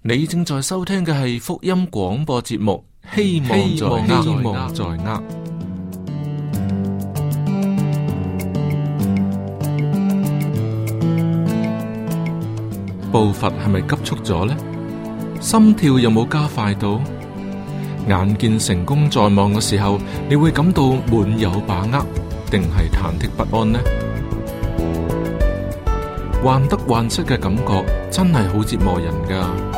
你正在收聽嘅係福音廣播節目，希望希望在握。步伐係咪急促咗呢？心跳有冇加快到？眼見成功在望嘅時候，你會感到滿有把握，定係忐忑不安呢？患得患失嘅感覺真係好折磨人㗎。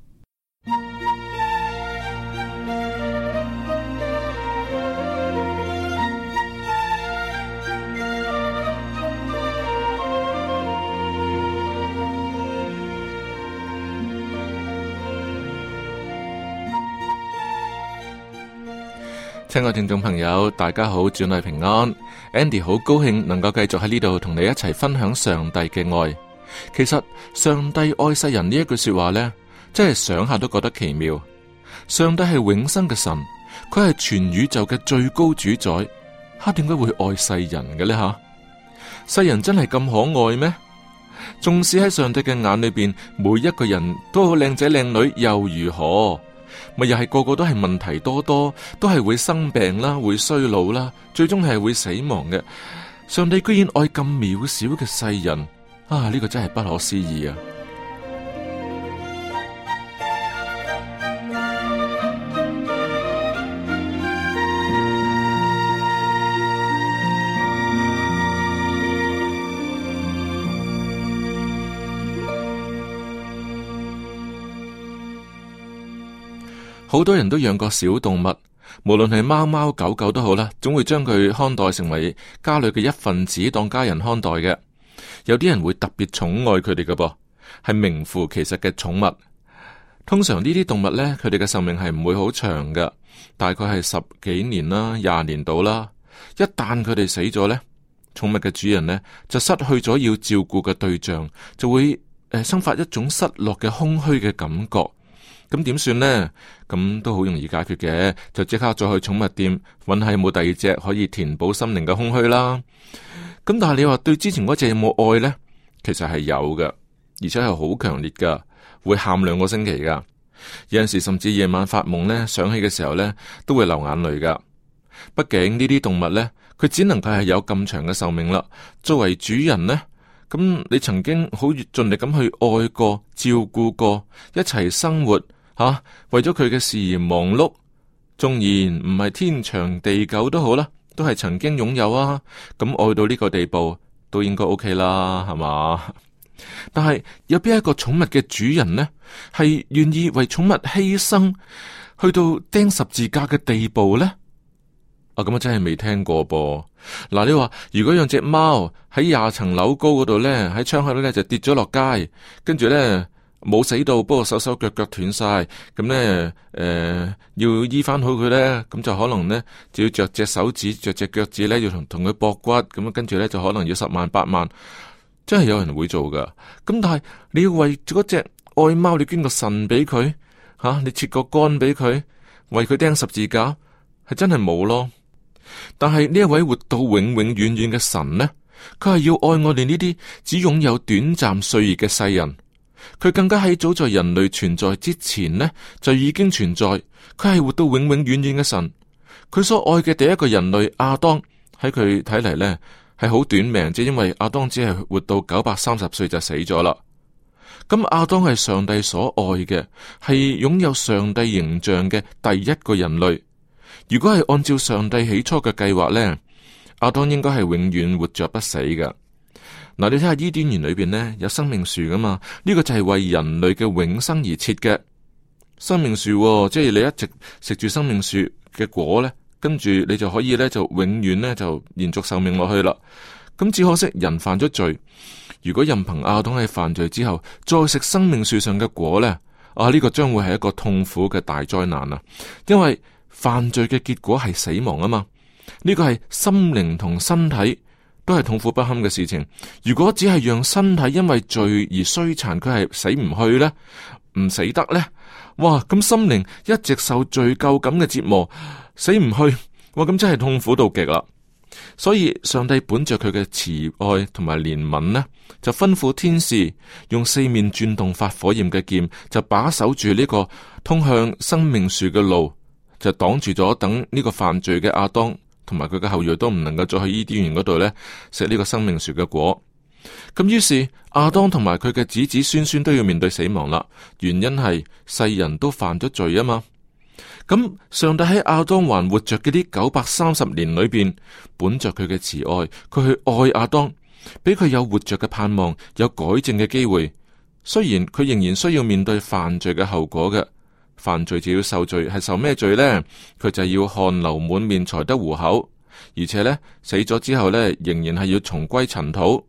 親愛聽眾朋友，大家好，祝你平安。Andy 好高興能夠繼續喺呢度同你一齊分享上帝嘅愛。其實上帝愛世人呢一句說話呢，真係想下都覺得奇妙。上帝係永生嘅神，佢係全宇宙嘅最高主宰。哈、啊，點解會愛世人嘅呢？哈，世人真係咁可愛咩？縱使喺上帝嘅眼裏邊，每一個人都好靚仔靚女，又如何？咪又係個個都係問題多多，都係會生病啦，會衰老啦，最終係會死亡嘅。上帝居然愛咁渺小嘅世人啊！呢個真係不可思議啊！好多人都養過小動物，無論係貓貓狗狗都好啦，總會將佢看待成為家裏嘅一份子，當家人看待嘅。有啲人會特別寵愛佢哋嘅，噃係名副其實嘅寵物。通常呢啲動物呢，佢哋嘅壽命係唔會好長嘅，大概係十幾年啦、廿年到啦。一旦佢哋死咗呢，寵物嘅主人呢，就失去咗要照顧嘅對象，就會誒生發一種失落嘅空虛嘅感覺。咁點算呢？咁都好容易解決嘅，就即刻再去寵物店揾下有冇第二隻可以填補心靈嘅空虛啦。咁但係你話對之前嗰隻有冇愛呢？其實係有嘅，而且係好強烈噶，會喊兩個星期噶。有陣時甚至夜晚發夢呢，想起嘅時候呢，都會流眼淚噶。畢竟呢啲動物呢，佢只能夠係有咁長嘅壽命啦。作為主人呢，咁你曾經好盡力咁去愛過、照顧過、一齊生活，吓、啊，為咗佢嘅事而忙碌，縱然唔係天長地久都好啦，都係曾經擁有啊。咁、嗯、愛到呢個地步都應該 OK 啦，係嘛？但係有邊一個寵物嘅主人呢，係願意為寵物犧牲去到釘十字架嘅地步呢？啊，咁啊，啊，啊真係未聽過噃。嗱、啊，你話如果養隻貓喺廿層樓高嗰度呢，喺窗口度呢，就跌咗落街，跟住呢。冇死到，不過手手腳腳斷晒咁咧。誒、呃，要醫翻好佢咧，咁就可能咧，就要着隻手指，着隻腳趾咧，要同同佢駁骨咁，跟住咧，就可能要十萬八萬，真係有人會做噶。咁但係你要為嗰隻愛貓，你捐個腎俾佢吓，你切個肝俾佢，為佢釘十字架，係真係冇咯。但係呢一位活到永永遠遠嘅神呢，佢係要愛我哋呢啲只擁有短暫歲月嘅世人。佢更加喺早在人類存在之前呢，就已經存在。佢係活到永永遠遠嘅神。佢所愛嘅第一個人類阿當喺佢睇嚟呢，係好短命，即因為阿當只係活到九百三十歲就死咗啦。咁阿當係上帝所愛嘅，係擁有上帝形象嘅第一個人類。如果係按照上帝起初嘅計劃呢，阿當應該係永遠活着不死嘅。嗱、啊，你睇下伊甸園裏邊呢，有生命樹噶嘛？呢、這個就係為人類嘅永生而設嘅生命樹，哦，即係你一直食住生命樹嘅果呢，跟住你就可以呢，就永遠呢，就延續壽命落去啦。咁、嗯、只可惜人犯咗罪，如果任憑亞當喺犯罪之後再食生命樹上嘅果呢，啊、呢、這個將會係一個痛苦嘅大災難啊！因為犯罪嘅結果係死亡啊嘛，呢、這個係心靈同身體。都係痛苦不堪嘅事情。如果只係讓身體因為罪而衰殘，佢係死唔去呢？唔死得呢？哇！咁心靈一直受罪疚感嘅折磨，死唔去。哇！咁真係痛苦到極啦。所以上帝本着佢嘅慈愛同埋憐憫呢，就吩咐天使用四面轉動發火焰嘅劍，就把守住呢個通向生命樹嘅路，就擋住咗等呢個犯罪嘅阿當。同埋佢嘅後裔都唔能夠再去伊甸園嗰度呢，食呢個生命樹嘅果，咁於是亞當同埋佢嘅子子孫孫都要面對死亡啦。原因係世人都犯咗罪啊嘛。咁上帝喺亞當還活着嗰啲九百三十年裏邊，本着佢嘅慈愛，佢去愛亞當，俾佢有活着嘅盼望，有改正嘅機會。雖然佢仍然需要面對犯罪嘅後果嘅。犯罪就要受罪，係受咩罪呢？佢就要汗流滿面才得糊口，而且呢，死咗之後呢，仍然係要重歸塵土。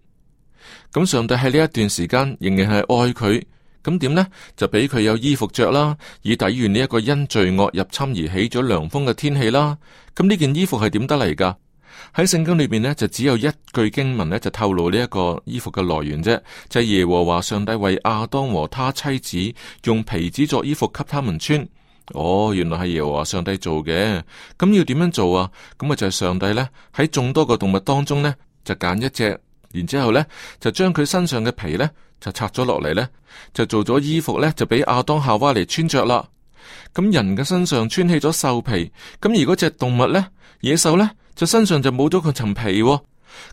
咁上帝喺呢一段時間仍然係愛佢，咁點呢？就俾佢有衣服着啦，以抵禦呢一個因罪惡入侵而起咗涼風嘅天氣啦。咁呢件衣服係點得嚟㗎？喺聖經裏邊咧，就只有一句經文咧，就透露呢一個衣服嘅來源啫，就係耶和華上帝為亞當和他妻子用皮子作衣服給他們穿。哦，原來係耶和華上帝做嘅，咁要點樣做啊？咁啊就係上帝咧喺眾多個動物當中咧，就揀一隻，然之後咧就將佢身上嘅皮咧就拆咗落嚟咧，就做咗衣服咧就俾亞當夏娃嚟穿着啦。咁人嘅身上穿起咗獸皮，咁而嗰隻動物呢，野獸呢，就身上就冇咗佢層皮，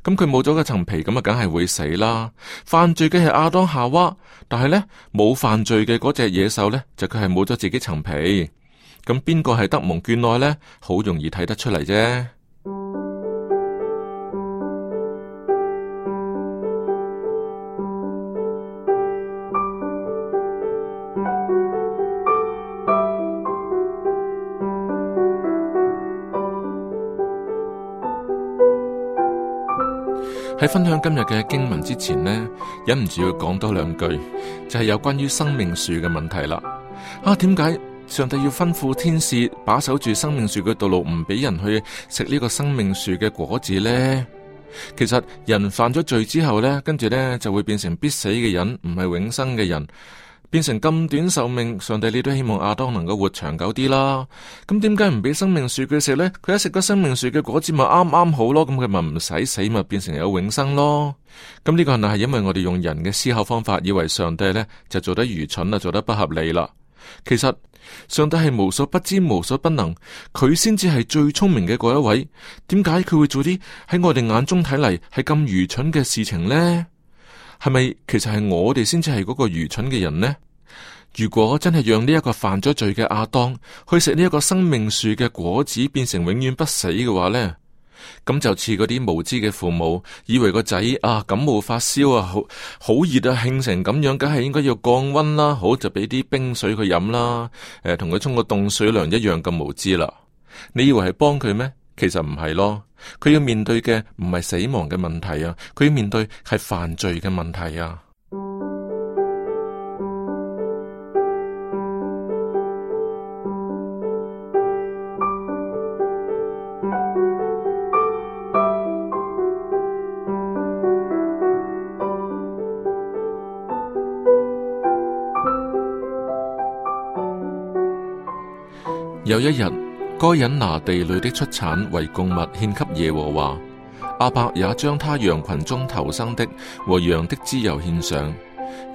咁佢冇咗個層皮，咁啊，梗係會死啦。犯罪嘅係亞當夏娃，但係呢，冇犯罪嘅嗰隻野獸呢，就佢係冇咗自己層皮，咁邊個係德蒙眷愛呢？好容易睇得出嚟啫。喺分享今日嘅經文之前呢，忍唔住要講多兩句，就係有關於生命樹嘅問題啦。啊，點解上帝要吩咐天使把守住生命樹嘅道路，唔俾人去食呢個生命樹嘅果子呢？其實人犯咗罪之後呢，跟住呢就會變成必死嘅人，唔係永生嘅人。變成咁短壽命，上帝你都希望亞當能夠活長久啲啦。咁點解唔俾生命樹佢食呢？佢一食咗生命樹嘅果子，咪啱啱好咯。咁佢咪唔使死，咪變成有永生咯。咁呢個係因為我哋用人嘅思考方法，以為上帝呢就做得愚蠢啦，做得不合理啦。其實上帝係無所不知、無所不能，佢先至係最聰明嘅嗰一位。點解佢會做啲喺我哋眼中睇嚟係咁愚蠢嘅事情呢？係咪其實係我哋先至係嗰個愚蠢嘅人呢？如果真係讓呢一個犯咗罪嘅阿當去食呢一個生命樹嘅果子，變成永遠不死嘅話呢，咁就似嗰啲無知嘅父母，以為個仔啊感冒發燒啊，好好熱啊，興成咁樣，梗係應該要降溫啦、啊，好就俾啲冰水佢飲啦，誒同佢沖個凍水涼一樣咁無知啦。你以為係幫佢咩？其實唔係咯。佢要面對嘅唔係死亡嘅問題啊，佢要面對係犯罪嘅問題啊。 有一日。該人拿地裏的出產為供物獻給耶和華，阿伯也將他羊群中頭生的和羊的脂油獻上。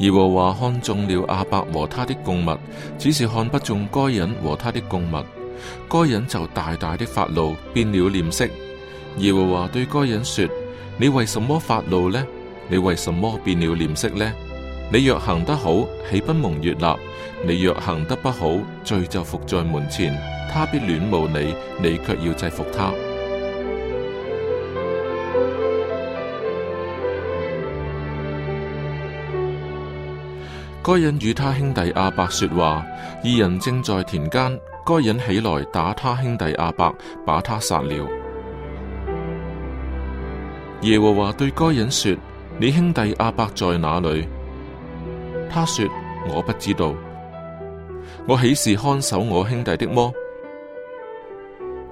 耶和華看中了阿伯和他的供物，只是看不中該人和他的供物。該人就大大的發怒，變了臉色。耶和華對該人說：你為什麼發怒呢？你為什麼變了臉色呢？你若行得好，豈不蒙悅納？你若行得不好，罪就伏在門前。他必戀慕你，你卻要制服他。該人與他兄弟阿伯說話，二人正在田間。該人起來打他兄弟阿伯，把他殺了。耶和華對該人說：你兄弟阿伯在哪裏？他說：我不知道。我豈是看守我兄弟的麼？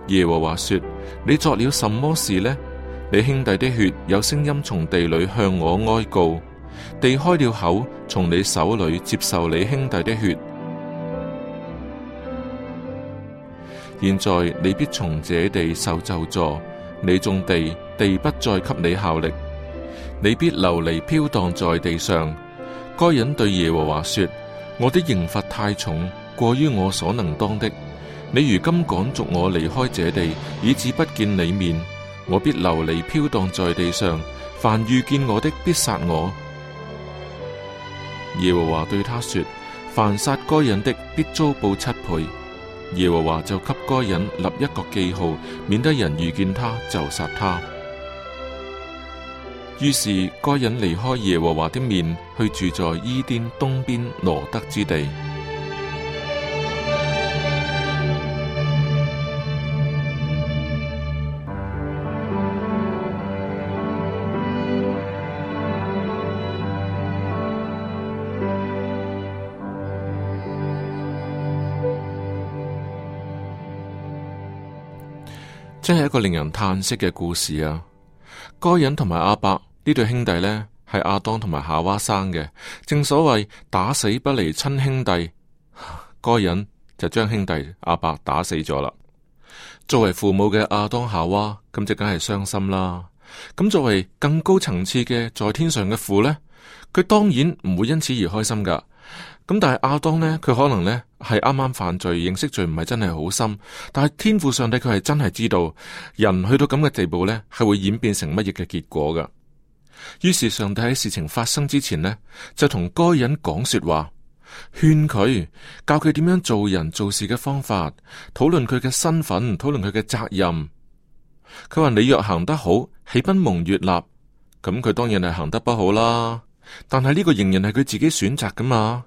耶和華說：你作了什麼事呢？你兄弟的血有聲音從地裏向我哀告，地開了口，從你手裏接受你兄弟的血。現在你必從這地受咒詛，你種地，地不再給你效力。你必流離飄蕩在地上。該隱對耶和華說：我的刑罰太重，過於我所能當的。你如今趕逐我離開這地，以致不見你面，我必流離飄蕩在地上。凡遇見我的，必殺我。耶和華對他說：凡殺該隱的，必遭報七倍。耶和華就給該隱立一個記號，免得人遇見他就殺他。於是該隱離開耶和華的面，去住在伊甸東邊羅德之地。真係一個令人嘆息嘅故事啊。該人同埋阿伯呢對兄弟呢，係阿當同埋夏娃生嘅。正所謂打死不離親兄弟，該人就將兄弟阿伯打死咗啦。作為父母嘅阿當夏娃，咁就梗係傷心啦。咁作為更高層次嘅在天上嘅父呢，佢當然唔會因此而開心噶。咁但係阿當呢，佢可能呢，係啱啱犯罪，認識罪唔係真係好深。但係天父上帝佢係真係知道人去到咁嘅地步呢，係會演變成乜嘢嘅結果噶。於是上帝喺事情發生之前呢，就同該人講說話，勸佢教佢點樣做人做事嘅方法，討論佢嘅身份，討論佢嘅責任。佢話你若行得好，豈不蒙悅納？咁佢當然係行得不好啦。但係呢個仍然係佢自己選擇噶嘛。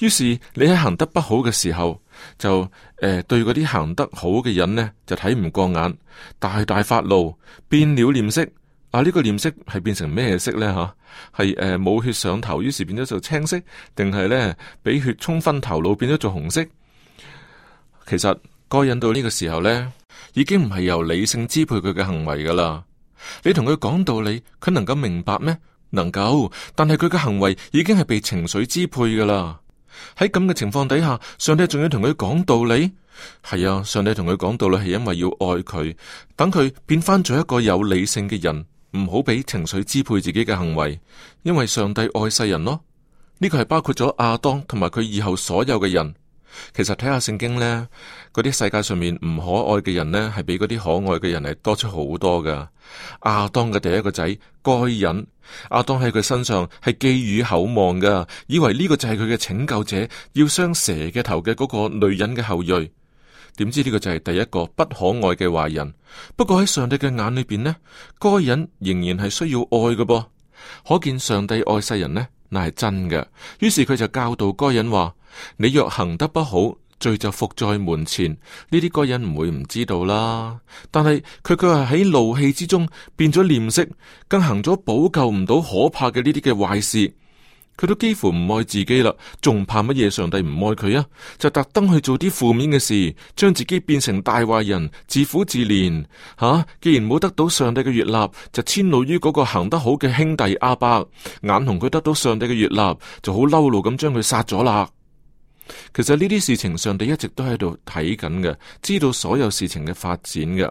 於是你喺行得不好嘅時候，就誒、呃、對嗰啲行得好嘅人呢就睇唔過眼，大大發怒，變了臉色。啊呢、這個臉色係變成咩色呢？吓係誒冇血上頭，於是變咗做青色，定係呢俾血衝昏頭腦，變咗做紅色。其實該引到呢個時候呢，已經唔係由理性支配佢嘅行為噶啦。你同佢講道理，佢能夠明白咩？能夠，但係佢嘅行為已經係被情緒支配噶啦。喺咁嘅情況底下，上帝仲要同佢講道理，係啊，上帝同佢講道理係因為要愛佢，等佢變翻做一個有理性嘅人，唔好俾情緒支配自己嘅行為，因為上帝愛世人咯，呢個係包括咗亞當同埋佢以後所有嘅人。其實睇下聖經呢，嗰啲世界上面唔可愛嘅人呢，係比嗰啲可愛嘅人係多出好多噶。阿當嘅第一個仔該隱，阿當喺佢身上係寄予厚望噶，以為呢個就係佢嘅拯救者，要傷蛇嘅頭嘅嗰個女人嘅後裔。點知呢個就係第一個不可愛嘅壞人。不過喺上帝嘅眼裏邊呢，該隱仍然係需要愛嘅噃。可見上帝愛世人呢，那係真嘅。於是佢就教導該隱話。你若行得不好，罪就伏在門前。呢啲個人唔會唔知道啦。但係佢佢係喺怒氣之中變咗臉色，更行咗補救唔到可怕嘅呢啲嘅壞事。佢都幾乎唔愛自己啦，仲怕乜嘢？上帝唔愛佢啊！就特登去做啲負面嘅事，將自己變成大壞人，自苦自憐。吓、啊，既然冇得到上帝嘅悅納，就遷怒於嗰個行得好嘅兄弟亞伯，眼紅佢得到上帝嘅悅納，就好嬲怒咁將佢殺咗啦。其實呢啲事情，上帝一直都喺度睇緊嘅，知道所有事情嘅發展嘅。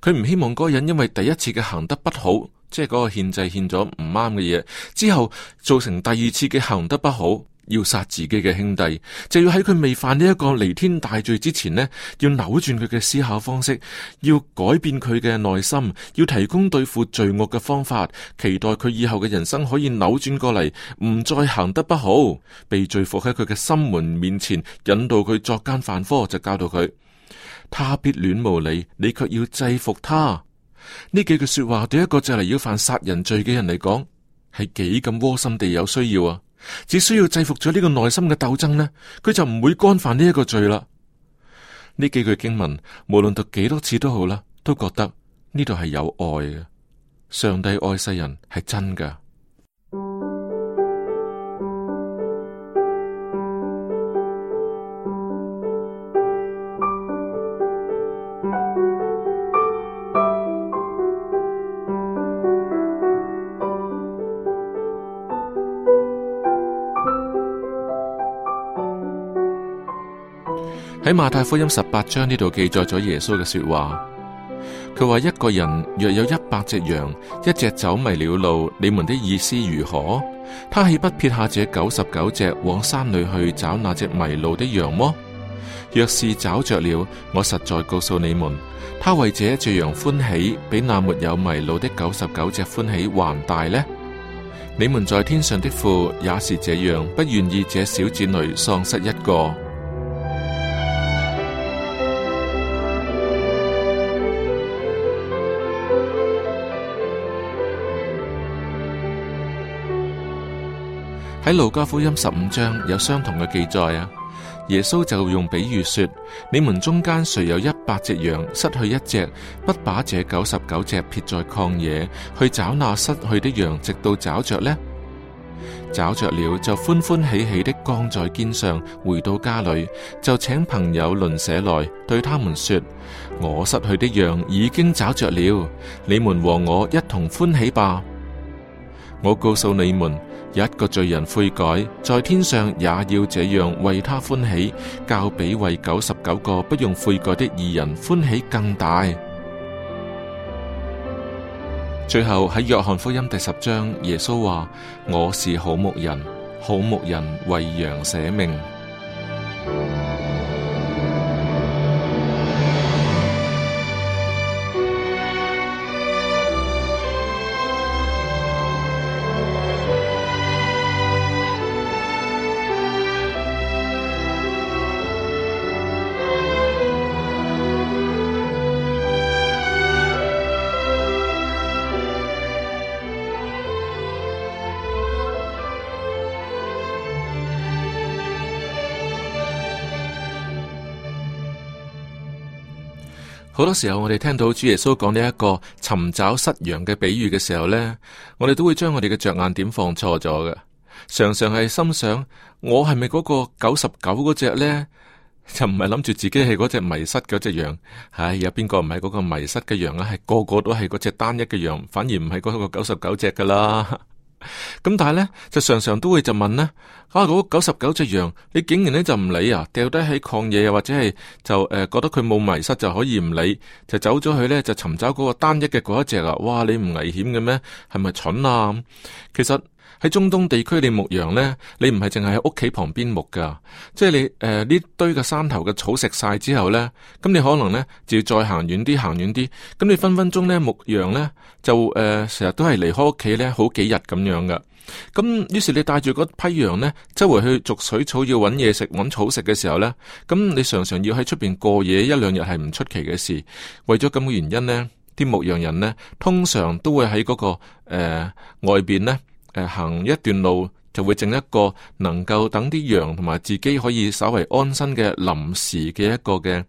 佢唔希望嗰個人因為第一次嘅行得不好，即係嗰個獻祭獻咗唔啱嘅嘢，之後造成第二次嘅行得不好。要殺自己嘅兄弟，就要喺佢未犯呢一個彌天大罪之前呢，要扭轉佢嘅思考方式，要改變佢嘅內心，要提供對付罪惡嘅方法，期待佢以後嘅人生可以扭轉過嚟，唔再行得不好，被罪伏喺佢嘅心門面前，引導佢作奸犯科，就教導佢，他必戀無理，你卻要制服他。呢幾句說話對一個就嚟要犯殺人罪嘅人嚟講，係幾咁窩心地有需要啊！只需要制服咗呢個內心嘅鬥爭，呢佢就唔會干犯呢一個罪啦。呢幾句經文無論讀幾多次都好啦，都覺得呢度係有愛嘅，上帝愛世人係真噶。喺馬太福音十八章呢度記載咗耶穌嘅說話，佢話，一個人若有一百隻羊，一隻走迷了路，你們的意思如何？他豈不撇下這九十九隻，往山裏去找那隻迷路的羊麼？若是找着了，我實在告訴你們，他為這隻羊歡喜，比那沒有迷路的九十九隻歡喜還大呢。你們在天上的父也是這樣，不願意這小子女喪失一個。喺路加福音十五章有相同嘅記載啊！耶穌就用比喻說：你們中間誰有一百隻羊，失去一隻，不把這九十九隻撇在曠野，去找那失去的羊，直到找着呢？找着了，就歡歡喜喜的扛在肩上，回到家裏，就請朋友鄰舍來，對他們說：我失去的羊已經找着了，你們和我一同歡喜吧！我告訴你們。一個罪人悔改，在天上也要這樣為他歡喜，較比為九十九個不用悔改的義人歡喜更大。最後喺約翰福音第十章，耶穌話：我是好牧人，好牧人為羊捨命。好多時候我哋聽到主耶穌講呢一個尋找失羊嘅比喻嘅時候呢，我哋都會將我哋嘅着眼點放錯咗嘅，常常係心想我係咪嗰個九十九嗰隻呢？就唔係諗住自己係嗰隻迷失嗰隻羊，唉，有邊個唔係嗰個迷失嘅羊啊？係個個都係嗰隻單一嘅羊，反而唔係嗰個九十九隻噶啦。咁但係咧就常常都會就問咧啊嗰九十九隻羊，你竟然咧就唔理啊，掉低喺曠野又或者係就誒、呃、覺得佢冇迷失就可以唔理就走咗去咧就尋找嗰個單一嘅嗰一隻啊？哇！你唔危險嘅咩？係咪蠢啊？其實。喺中東地區，你牧羊呢？你唔係淨係喺屋企旁邊牧噶即係你誒呢、呃、堆嘅山頭嘅草食晒之後呢，咁你可能呢就要再行遠啲，行遠啲，咁你分分鐘呢，牧羊呢就誒成日都係離開屋企呢好幾日咁樣噶。咁於是你帶住嗰批羊呢，周圍去逐水草，要揾嘢食，揾草食嘅時候呢，咁你常常要喺出邊過夜一兩日係唔出奇嘅事。為咗咁嘅原因呢，啲牧羊人呢通常都會喺嗰、個誒、呃、外邊呢。行一段路就會整一個能夠等啲羊同埋自己可以稍為安身嘅臨時嘅一個嘅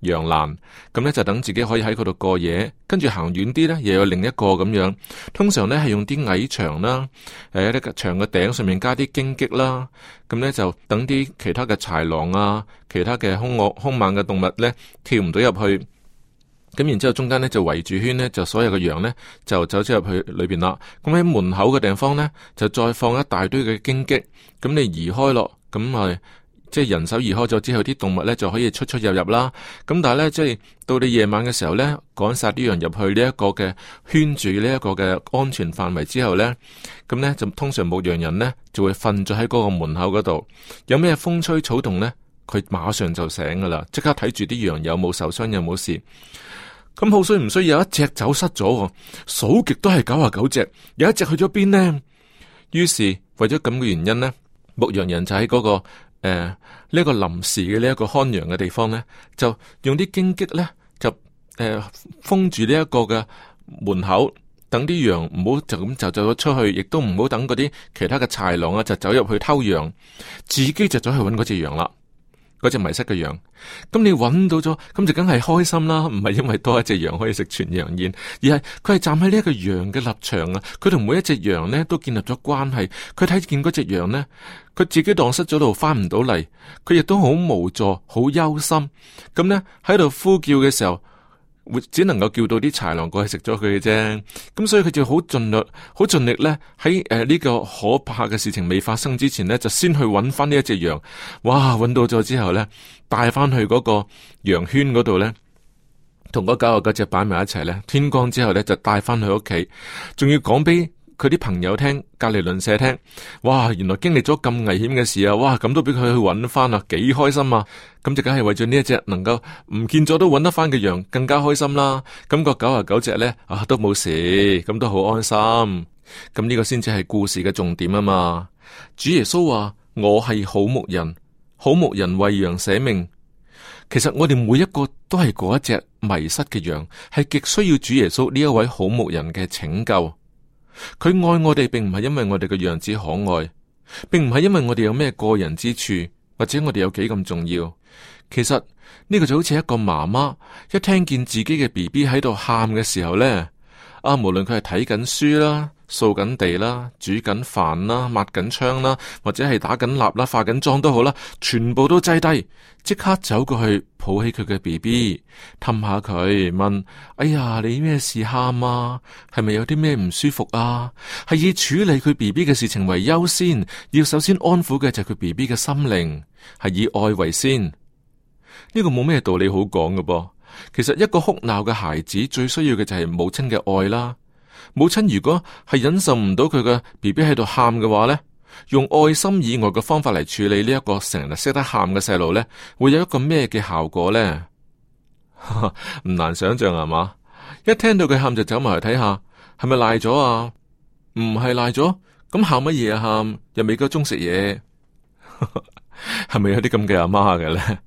羊欄，咁呢，就等自己可以喺嗰度過夜。跟住行遠啲呢，又有另一個咁樣。通常呢，係用啲矮牆啦，誒、啊，牆嘅頂上面加啲荊棘啦，咁呢，就等啲其他嘅豺狼啊，其他嘅凶惡凶猛嘅動物呢，跳唔到入去。咁然之後，中間呢，就圍住圈呢，就所有嘅羊呢就走出入去裏邊啦。咁喺門口嘅地方呢，就再放一大堆嘅荊棘。咁你移開咯，咁咪，即係人手移開咗之後，啲動物呢就可以出出入入啦。咁但係呢，即係到你夜晚嘅時候呢，趕殺啲羊入去呢一個嘅圈住呢一個嘅安全範圍之後呢。咁呢，就通常牧羊人呢就會瞓咗喺嗰個門口嗰度。有咩風吹草動呢，佢馬上就醒噶啦，即刻睇住啲羊有冇受傷，有冇事。咁好衰，唔衰有一隻走失咗，數極都係九十九隻，有一隻去咗邊呢？於是為咗咁嘅原因咧，牧羊人就喺嗰、嗰個誒呢一個臨時嘅呢一個看羊嘅地方呢，就用啲荊棘呢，就誒、呃、封住呢一個嘅門口，等啲羊唔好就咁就走咗出去，亦都唔好等嗰啲其他嘅豺狼啊就走入去偷羊，自己就走去搵嗰隻羊啦。嗰隻迷失嘅羊，咁你揾到咗，咁就梗係開心啦。唔係因為多一隻羊可以食全羊宴，而係佢係站喺呢一個羊嘅立場啊。佢同每一隻羊呢都建立咗關係，佢睇見嗰隻羊呢，佢自己蕩失咗度，翻唔到嚟，佢亦都好無助，好憂心。咁呢，喺度呼叫嘅時候。只能夠叫到啲豺狼過去食咗佢嘅啫，咁所以佢就好盡力，好盡力咧喺，誒呢、呃這個可怕嘅事情未發生之前呢，就先去揾翻呢一隻羊。哇，揾到咗之後咧，帶翻去嗰個羊圈嗰度咧，同嗰九啊九隻擺埋一齊咧。天光之後咧，就帶翻去屋企，仲要講俾。佢啲朋友聽，隔籬鄰舍聽，哇，原來經歷咗咁危險嘅事啊，哇，咁都俾佢去搵翻啦，幾開心啊！咁就梗係為咗呢一隻能夠唔見咗都搵得翻嘅羊，更加開心啦。咁個九十九隻咧，啊，都冇事，咁都好安心。咁呢個先至係故事嘅重點啊嘛。主耶穌話：我係好牧人，好牧人為羊捨命。其實我哋每一個都係嗰一隻迷失嘅羊，係極需要主耶穌呢一位好牧人嘅拯救。佢愛我哋，並唔係因為我哋嘅樣子可愛，並唔係因為我哋有咩過人之處，或者我哋有幾咁重要。其實呢個就好似一個媽媽一聽見自己嘅 BB 喺度喊嘅時候呢，啊，無論佢係睇緊書啦。掃緊地啦，煮緊飯啦，抹緊窗啦，或者係打緊蠟啦，化緊妝都好啦，全部都擠低，即刻走過去抱起佢嘅 B B，氹下佢，問：哎呀，你咩事喊啊？係咪有啲咩唔舒服啊？係以處理佢 B B 嘅事情為優先，要首先安撫嘅就係佢 B B 嘅心靈，係以愛為先。呢個冇咩道理好講㗎噃。其實一個哭鬧嘅孩子最需要嘅就係母親嘅愛啦。母親如果係忍受唔到佢嘅 B B 喺度喊嘅話咧，用愛心以外嘅方法嚟處理呢一個成日識得喊嘅細路咧，會有一個咩嘅效果咧？唔 難想象係嘛？一聽到佢喊就走埋嚟睇下，係咪賴咗啊？唔係賴咗，咁喊乜嘢啊？喊又未夠鐘食嘢，係 咪有啲咁嘅阿媽嘅咧？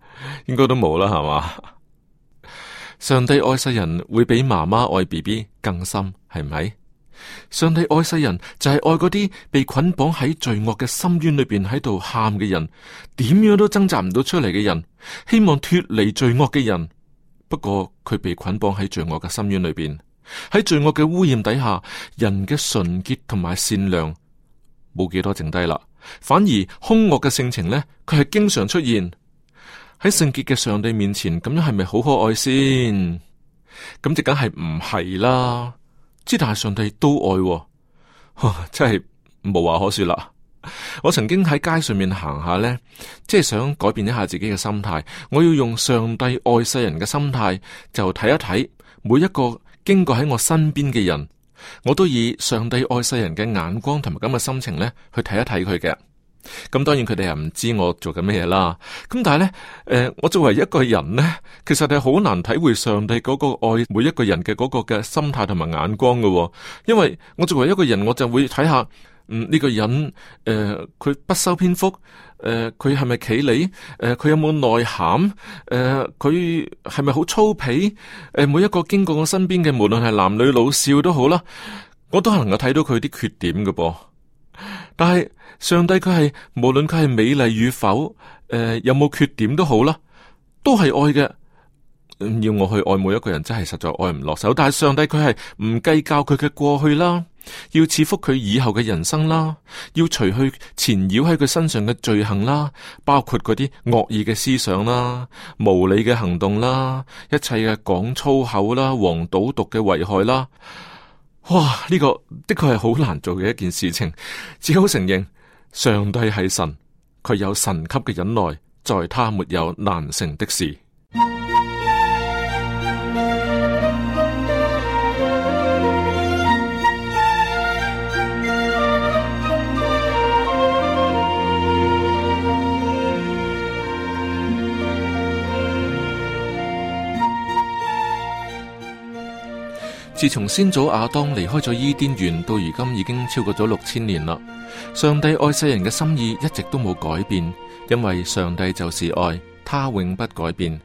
應該都冇啦，係嘛？ 上帝愛世人會比媽媽愛 B B 更深。係咪？上帝愛世人，就係愛嗰啲被捆綁喺罪惡嘅深淵裏邊喺度喊嘅人，點樣都掙扎唔到出嚟嘅人，希望脫離罪惡嘅人。不過佢被捆綁喺罪惡嘅深淵裏邊，喺罪惡嘅污染底下，人嘅純潔同埋善良冇幾多剩低啦，反而兇惡嘅性情呢，佢係經常出現喺聖潔嘅上帝面前，咁樣係咪好可愛先？咁就梗係唔係啦。之但係上帝都愛，哦，真係無話可說啦！我曾經喺街上面行下呢，即係想改變一下自己嘅心態。我要用上帝愛世人嘅心態，就睇一睇每一個經過喺我身邊嘅人，我都以上帝愛世人嘅眼光同埋咁嘅心情呢，去睇一睇佢嘅。咁當然佢哋又唔知我做緊咩啦。咁但係咧，誒、呃，我作為一個人咧，其實係好難體會上帝嗰個愛每一個人嘅嗰個嘅心態同埋眼光噶、哦。因為我作為一個人，我就會睇下，嗯，呢、這個人，誒、呃，佢不修邊幅，誒、呃，佢係咪企理，誒、呃，佢有冇內涵，誒、呃，佢係咪好粗鄙，誒、呃，每一個經過我身邊嘅，無論係男女老少都好啦，我都係能夠睇到佢啲缺點噶噃、哦。但係上帝佢係無論佢係美麗與否，誒、呃、有冇缺點都好啦，都係愛嘅、嗯。要我去愛每一個人真係實在愛唔落手。但係上帝佢係唔計較佢嘅過去啦，要賜福佢以後嘅人生啦，要除去纏繞喺佢身上嘅罪行啦，包括嗰啲惡意嘅思想啦、無理嘅行動啦、一切嘅講粗口啦、黃賭毒嘅危害啦。哇！呢個的確係好難做嘅一件事情，只好承認，上帝係神，佢有神級嘅忍耐，在他沒有難成的事。自從先祖亞當離開咗伊甸園到如今已經超過咗六千年啦。上帝愛世人嘅心意一直都冇改變，因為上帝就是愛，他永不改變。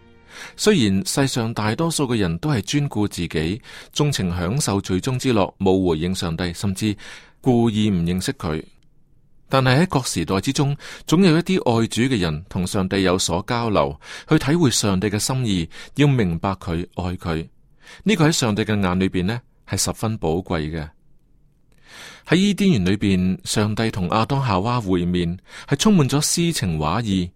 雖然世上大多數嘅人都係專顧自己，縱情享受最終之樂，冇回應上帝，甚至故意唔認識佢。但係喺各時代之中，總有一啲愛主嘅人同上帝有所交流，去體會上帝嘅心意，要明白佢，愛佢。呢個喺上帝嘅眼裏邊呢，係十分寶貴嘅。喺伊甸園裏邊，上帝同亞當夏娃會面係充滿咗詩情畫意。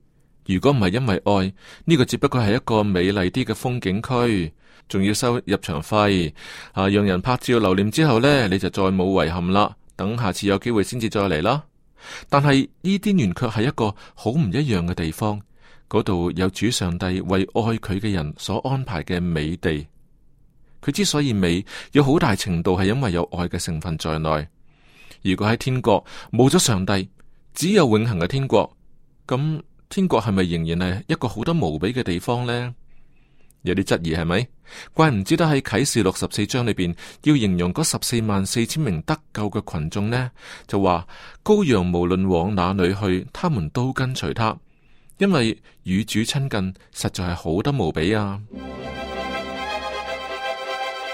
如果唔係因為愛，呢個只不過係一個美麗啲嘅風景區，仲要收入場費啊，讓人拍照留念之後呢，你就再冇遺憾啦。等下次有機會先至再嚟啦。但係伊甸園卻係一個好唔一樣嘅地方，嗰度有主上帝為愛佢嘅人所安排嘅美地。佢之所以美，有好大程度係因為有愛嘅成分在內。如果喺天國冇咗上帝，只有永恒嘅天國，咁天國係咪仍然係一個好得無比嘅地方咧？有啲質疑係咪？怪唔知得喺啟示錄十四章裏邊，要形容嗰十四萬四千名得救嘅群眾呢？就話羔羊無論往哪裏去，他們都跟隨他，因為與主親近實在係好得無比啊！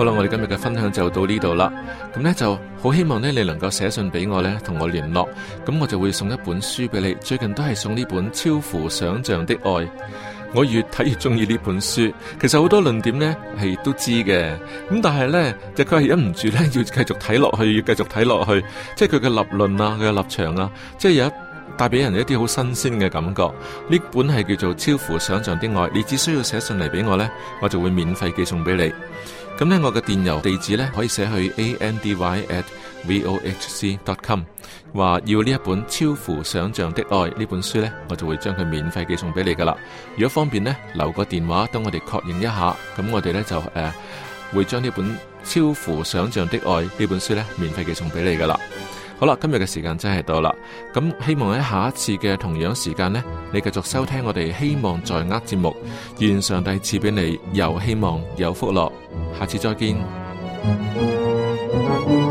好啦，我哋今日嘅分享就到呢度啦。咁呢就好希望呢，你能夠寫信俾我呢，同我聯絡。咁我就會送一本書俾你。最近都係送呢本《超乎想象的愛》。我越睇越中意呢本書。其實好多論點呢係都知嘅。咁但係呢，就佢係忍唔住呢，要繼續睇落去，要繼續睇落去。即係佢嘅立論啊，佢嘅立場啊，即係有一。帶俾人一啲好新鮮嘅感覺，呢本係叫做超乎想像的愛，你只需要寫信嚟俾我呢，我就會免費寄送俾你。咁呢，我嘅電郵地址呢，可以寫去 andy@vohc.com，話要呢一本超乎想像的愛呢本書呢，我就會將佢免費寄送俾你噶啦。如果方便呢，留個電話，等我哋確認一下，咁我哋呢，就誒、呃、會將呢本超乎想像的愛呢本書呢，免費寄送俾你噶啦。好啦，今日嘅時間真係到啦，咁希望喺下一次嘅同樣時間呢，你繼續收聽我哋《希望在握》節目，願上帝賜俾你有希望有福樂，下次再見。